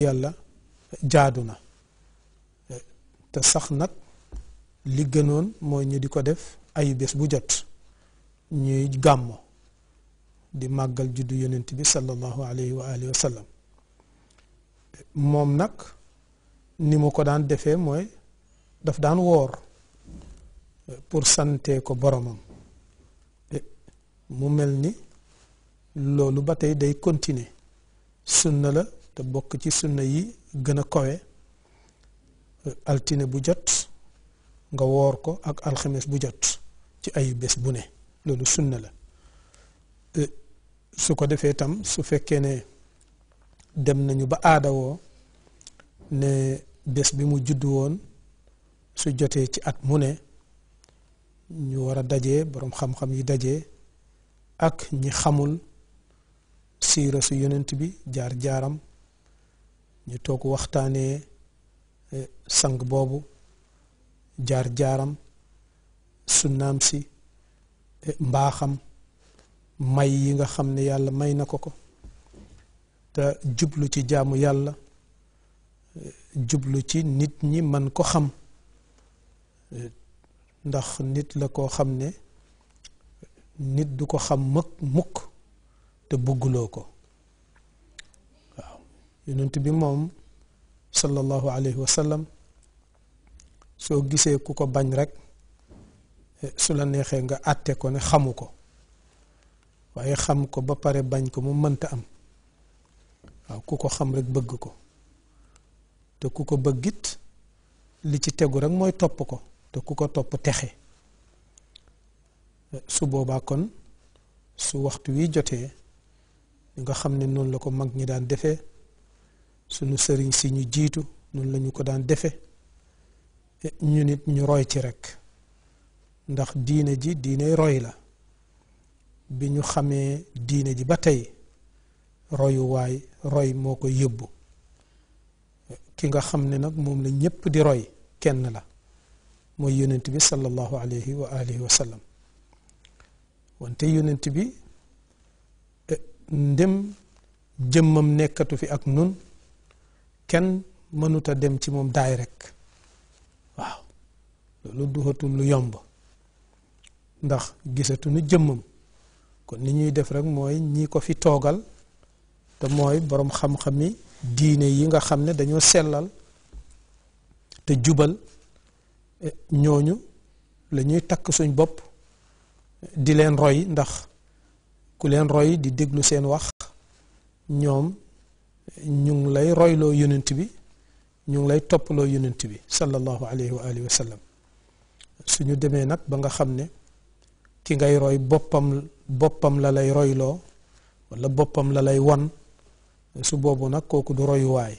yàlla jaadu na te sax nag li gënoon mooy ñu di ko def ay bés bu jot ñuy gàmmo di màggal juddu yonent bi sallallahu alayhi wa alihi wa moom nag ni mu ko daan defee mooy daf daan woor pour sante ko boromam mu mel ni loolu ba tey day continuer sunna la te bokk ci sunna yi gën a kowe altine bu jot nga woor ko ak alxames bu jot ci ay bés bu ne loolu sunna la e, su ko defee tam su fekkee ne dem nañu ba aadawoo ne bés bi mu judd woon su jotee ci at mu ne ñu war a dajee boroom xam-xam yi dajee ak ñi xamul siira su yenent bi jaar jaaram ñu toog waxtaanee eh, sang boobu jaar-jaaram sunnaam si eh, mbaaxam may yi nga xam ne yàlla may na ko ko te jublu ci jaamu yàlla eh, jublu ci nit ñi man ko xam ndax nit la koo xam ne nit du ko xam mag mukk te bugguloo ko yonent bi moom sallallahu alayhi wa soo gisee ku ko bañ rek eh, su la neexee nga àtte ko ne xamu ko waaye xam ko ba pare bañ ko mu mënta am waaw ku ko xam rek bëgg ko te ku ko bëggit li ci tegu rek mooy topp ko te ku ko topp texe eh, su boobaa kon su waxtu wi jotee nga xam ne noonu la ko mag ñi daan defee sunu sëriñ si ñu jiitu noonu lañu ko daan defe ñu nit ñu roy ci rekk ndax diine ji diine roy la bi ñu xamee diine ji ba tey royuwaay roy moo ko yóbbu ki nga xam ne nag moom la ñépp di roy kenn la mooy yonent bi sallallahu alayhi wa alihi wa sallam wante yonent bi eh, ndem jëmmam nekkatu fi ak nun kenn mënuta dem ci moom daay rekk waaw loolu duhatul lu yomb ndax gisatuñu jëmmam kon ni ñuy def rek mooy ñi ko fi toogal te mooy boroom xam-xami diine yi nga xam ne dañoo sellal te jubal eh, ñooñu lañuy takk suñ bopp di leen roy ndax ku leen roy di déglu seen wax ñoom ñu lay royloo yonent bi ñu ngi lay toppaloo yonent bi sallallahu alayhi wa alihi wa suñu demee nag ba nga xam ne ki ngay roy boppam boppam la lay royloo walla boppam la lay wan su boobu nag kooku du royuwaay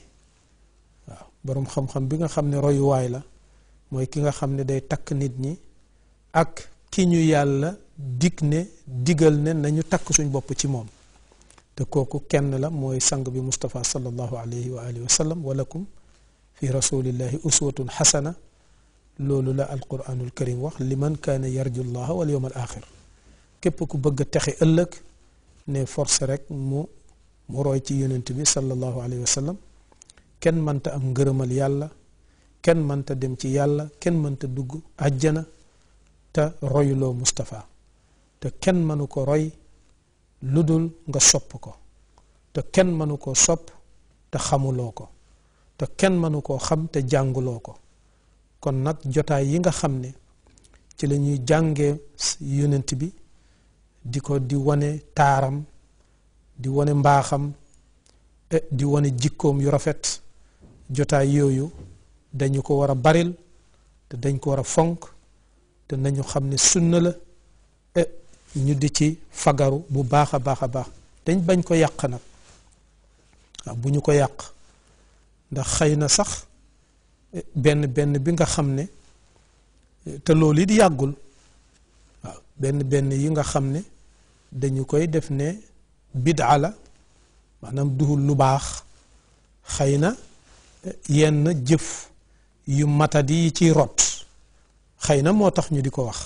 waaw boroom xam-xam bi nga xam ne royuwaay la mooy ki nga xam ne day takk nit ñi ak ki ñu yàlla dig ne digal ne nañu takk suñ bopp ci moom te kooku kenn la mooy sang bi Moustapha sallallahu alayhi wa alihi wa sallam walakum fi rasulillahi uswatun xasana loolu la alquranul karim wax liman kaana yarju llaha wal yawm al axir képp ku bëgg a texe ëllëg ne force rek mu mu roy ci yonent bi sallallahu alayhi wa sallam kenn mënta am ngërëmal yàlla kenn mënta dem ci yàlla kenn mënta dugg àjjana te royuloo Moustapha te kenn mënu roy lu dul nga sopp ko te kenn mënu koo sopp te xamuloo ko te kenn mënu koo xam te jànguloo ko kon nag jotaay yi nga xam ne ci lañuy ñuy jàngee yonent bi di ko di wane taaram di wane mbaaxam e di wane jikkoom yu rafet jotaay yooyu dañu ko war a baril te dañ ko war a fonk te nañu xam ne sunn la ñu di ci fagaru bu baax a baax a baax dañ bañ ko yàq nag bu ñu ko yàq ndax xëy na sax eh, benn benn bi nga xam ne eh, te loolu it yàggul waaw benn benn yi nga xam ne dañu koy def ne bidaa la maanaam duhul lu baax xëy na eh, yenn jëf yu matadi yi ci rot xëy na moo tax ñu di ko wax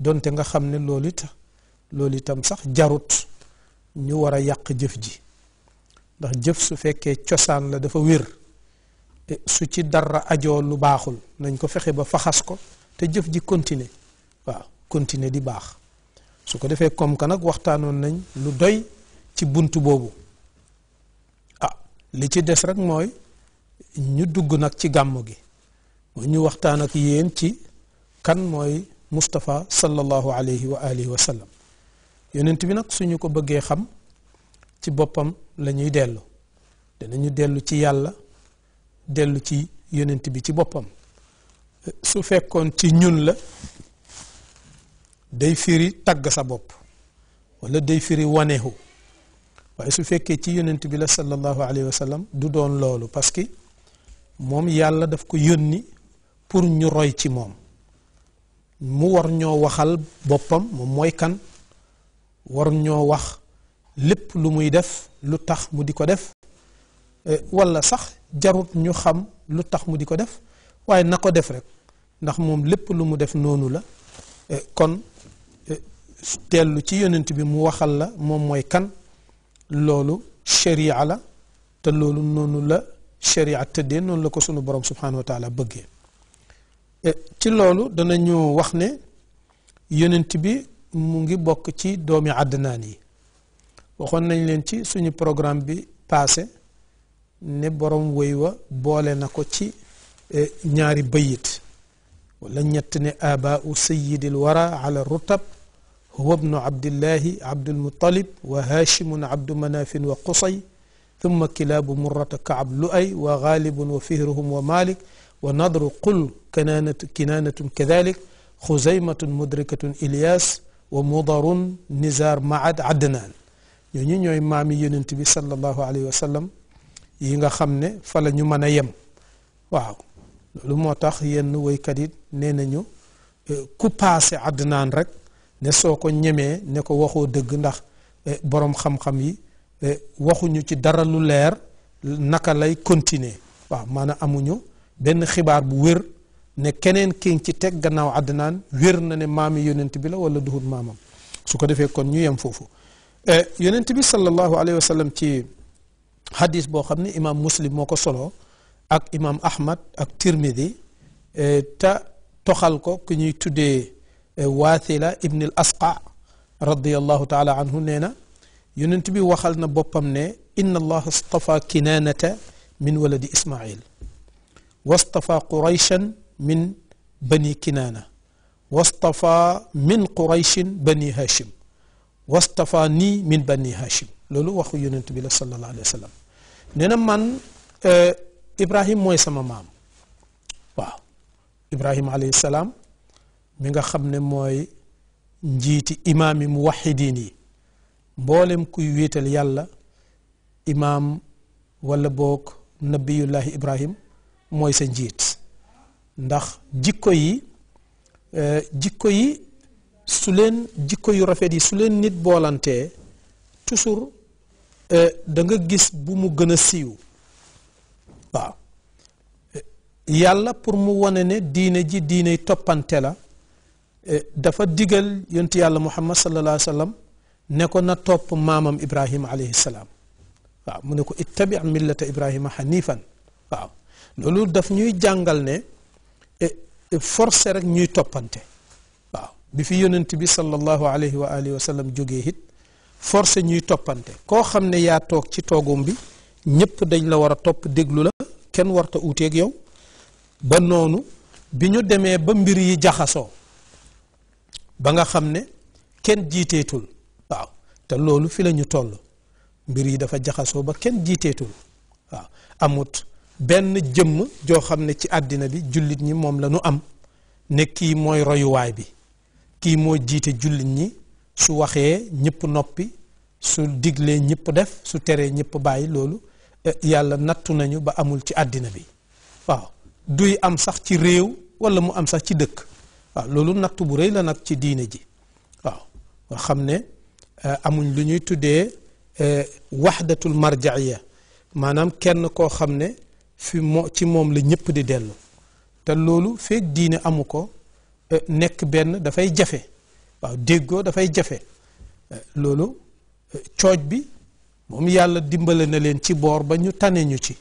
donte nga xam ne loolu it loolu itam sax jarut ñu war a yàq jëf ji ndax jëf su fekkee cosaan la dafa wér e su ci dara ajoo lu baaxul nañ ko fexe ba faxas ko te jëf ji continuer waaw continuer di baax su ko defee comme que nag waxtaanoon nañ lu doy ci bunt boobu ah li ci des rek mooy ñu dugg nag ci gàmmu gi ñu waxtaan ak yéen ci kan mooy Moustapha sallallahu alayhi wa alihi wa sallam yonent bi nag suñu ko bëggee xam ci boppam la ñuy dellu danañu dellu ci yàlla dellu ci yonent bi ci boppam su fekkoon ci ñun la day firi tagg sa bopp wala day firi wanehu waaye su fekkee ci yonent bi la sallallahu alayhi wa sallam du doon loolu parce que moom yàlla daf ko yónni pour ñu roy ci moom mu war ñoo waxal boppam moom mooy kan war ñoo wax lépp lu muy def lu tax mu di ko def wala sax jarut ñu xam lu tax mu di ko def waaye na ko def rek ndax moom lépp lu mu def noonu la kon tellu ci yonent bi mu waxal la moom mooy kan loolu sharia la te loolu noonu la sharia tëddee noonu la ko sunu borom subhanahu wa taala bëggee ci loolu danañu wax ne yonent bi mu ngi bokk ci doomi àddinaan yi waxoon nañ leen ci suñu programme bi passé ne borom wëy wa boole na ko ci ñaari bayit wala ñett ne abaau sayidil wara ala rutab huwa bnu abdillahi abdulmutalib wa haashimun abdu manafin wa qusay ثم كلاب مرة كعب لؤي وغالب وفهرهم ومالك ونضر قل كنانة كنانة كذلك خزيمة مدركة إلياس ومضر نزار معد عدنان يعني نيو إمامي ينتبه صلى الله عليه وسلم ينغا خمنا فلا نمنا يم واو لما تخيين نوي كديد نينا نيو كوباس عدنان رك نسوكو نيمي نكو وخو دغ ناخ بروم خم خم يي واخو نيو سي دارا لير نكا لاي كونتيني مانا امو نيو ben xibaar bu wér ne keneen ki ci teg gannaaw Adnaan wér na ne maami yonent bi la wala duhut maamam su ko defee kon ñu yem foofu yonent bi sallallahu alayhi wa sallam ci hadis boo xam ne imaam muslim moo ko solo ak imam ahmad ak tirmidi ta toxal ko ku ñuy tuddee waathila ibn al asqa radiallahu taala anhu nee na yonent bi waxal na boppam ne inna allah istafa kinanata min waladi ismail واصطفى قريشا من بني كنانة واصطفى من قريش بني هاشم واصطفاني من بني هاشم لولو واخو يونت بلا صلى الله عليه وسلم نينا من اه ابراهيم موي سما واو ابراهيم عليه السلام ميغا خامن موي نجيتي امام موحدين مبولم كوي ويتال يالا امام والبوك نبي الله ابراهيم mooy sa njiit ndax jikko yi euh, jikko yi su leen jikko yu rafet yi su leen nit boolantee toujours euh, danga gis bu mu gën a siiw waaw yàlla pour mu wane ne diine ji yi toppante la euh, dafa digal yontu yàlla muhammad sallallahu alayhi wa sallam ne ko na topp maamam ibrahima alayhi salaam waaw mu ne ko ittabi millata ibrahima xanifan waaw loolu daf ñuy jàngal ne e, e, forcé rek ñuy toppante waaw bi fi yonent bi sallallahu alayhi wa alihi wa sallam it forcé ñuy toppante koo xam ne yaa toog ci toogum bi ñépp dañ la war a topp déglu la kenn warta uuteeg yow ba noonu bi ñu demee ba mbir yi jaxasoo ba nga xam ne kenn jiiteetul waaw te loolu fi lañu ñu toll mbir yi dafa jaxasoo ba kenn jiiteetul waaw amut benn jëmm joo xam ne ci àddina bi jullit ñi moom la am ne kii mooy royuwaay bi kii moo jiite jullit ñi su waxee ñépp noppi su diglee ñépp def su teree ñëpp bàyyi loolu eh, yàlla nattu nañu ba amul ci àddina bi waaw duy am sax ci réew wala mu am sax ci dëkk waaw loolu nattu bu rëy la nag ci diine ji waaw nga ne eh, amuñ lu ñuy tuddee eh, waxdatul marjaiya maanaam kenn koo xam ne fi mo ci moom la ñépp di dellu te loolu feeg diine amu ko eh, nekk benn dafay jafe waaw déggoo dafay jafe eh, loolu eh, cooj bi moom yàlla dimbale na leen ci boor ba ñu tane ñu ci